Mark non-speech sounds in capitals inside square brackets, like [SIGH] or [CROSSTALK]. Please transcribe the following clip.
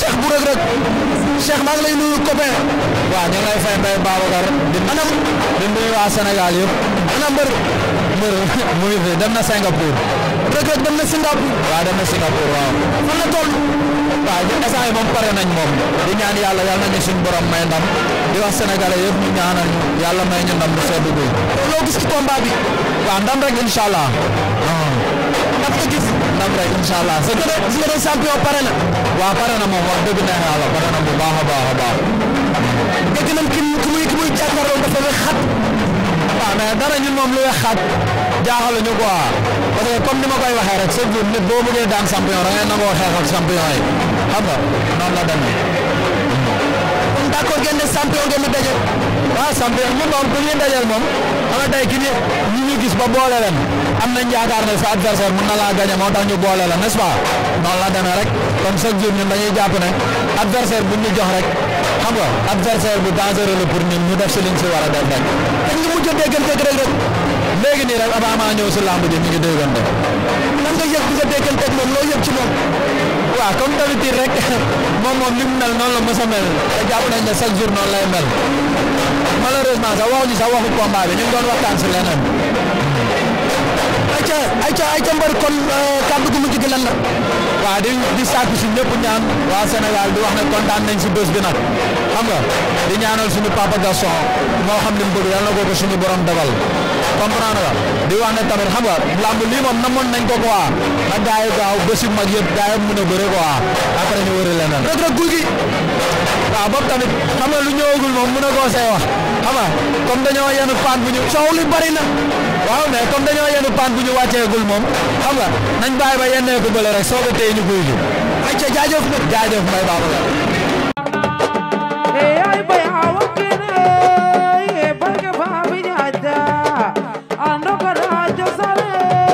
Cheikh bu Reug Reug Cheikh maa ngi lay nuyu waaw ñu ngi lay fay Mbaye Babacar. di anam di nuyu waa Sénégal yëpp. anam mbër. mbër mu dem na Singapour. Reug Reug waaw dem na Singapour waaw. fan la toll. waaw ñun instant yi moom pare nañ moom. di ñaan yàlla yal nañu suñu borom may ndam. di wax sénégalais yëpp ñu ñaanal yàlla may ñu ndam bu sedd bi. loo gis ci combat bi. waaw ndam rek incha incha allah si nga a si nga doon champion pare na. waaw pare na moom wax dëgg neex yàlla pare na bu baax a baax a baax. dégg nañ ki muy ki muy jàkkaarloo dafa wex xat. waaw ah, mais dara ñun moom lu wex xat jaaxaluñu quoi parce que comme ni ma koy waxee rek chaque jour nit boo bëggee daan champion da ngay nangoo xeex ak champion yi xam nga noonu la demee. kon d' accord ngeen di daje. waaw ah, champion ñun moom bu ñu dajeel moom xam nga tey ki ñu ñu gis ba boole leen. am nañ yaakaar ne sa adversaire mën na laa gagné moo tax ñu boole la n'est-ce la demee rek comme chaque jour ñun dañuy jàpp ne adversaire bu ñu jox rek xam nga adversaire bu dangereux la pour ñun ñu def si liñ si war a def rek dañ ñu mujj a dégganteeg rek léegi nii rek avant maa ñëw si làmb ji ñu ngi déggante lan nga yëg bi nga dégganteeg [LAUGHS] moom moom moom moom li mu mel noonu la mos a mel te jàpp nañ ne chaque jour noonu lay mel malheureusement sax waxuñu sax waxu combat bi ñu ngi ayca ayca mbër kon euh, kàddu gu mujj gi lan la. waaw di di sàkku si ñëpp ñaan waa Sénégal di wax ne kontaan nañ si bés bi nag xam di ñaanal suñu papa Gaston moo xam li mu bëgg yàlla na ko ko suñu borom dabal comprendre nga di wax ne tamit xam nga làmb lii moom namoon nañ ko na gars yi gaaw bés yu mag yëpp gars yi mun a bëre quoi après ñu wëri leneen. rek rek guy gi waaw boobu tamit xam nga lu ñëwagul moom mun a ko see xam nga comme dañoo yenu paan bu ñu coow li bari na waaw mais comme dañoo yenu paan bu ñu wàcceegul moom xam nga nañ bàyyi ba yenneeku bële rek soo ko téye ñu guy gi ay ca jaajëf nag jaajëf mbay baax la Ando para yo saber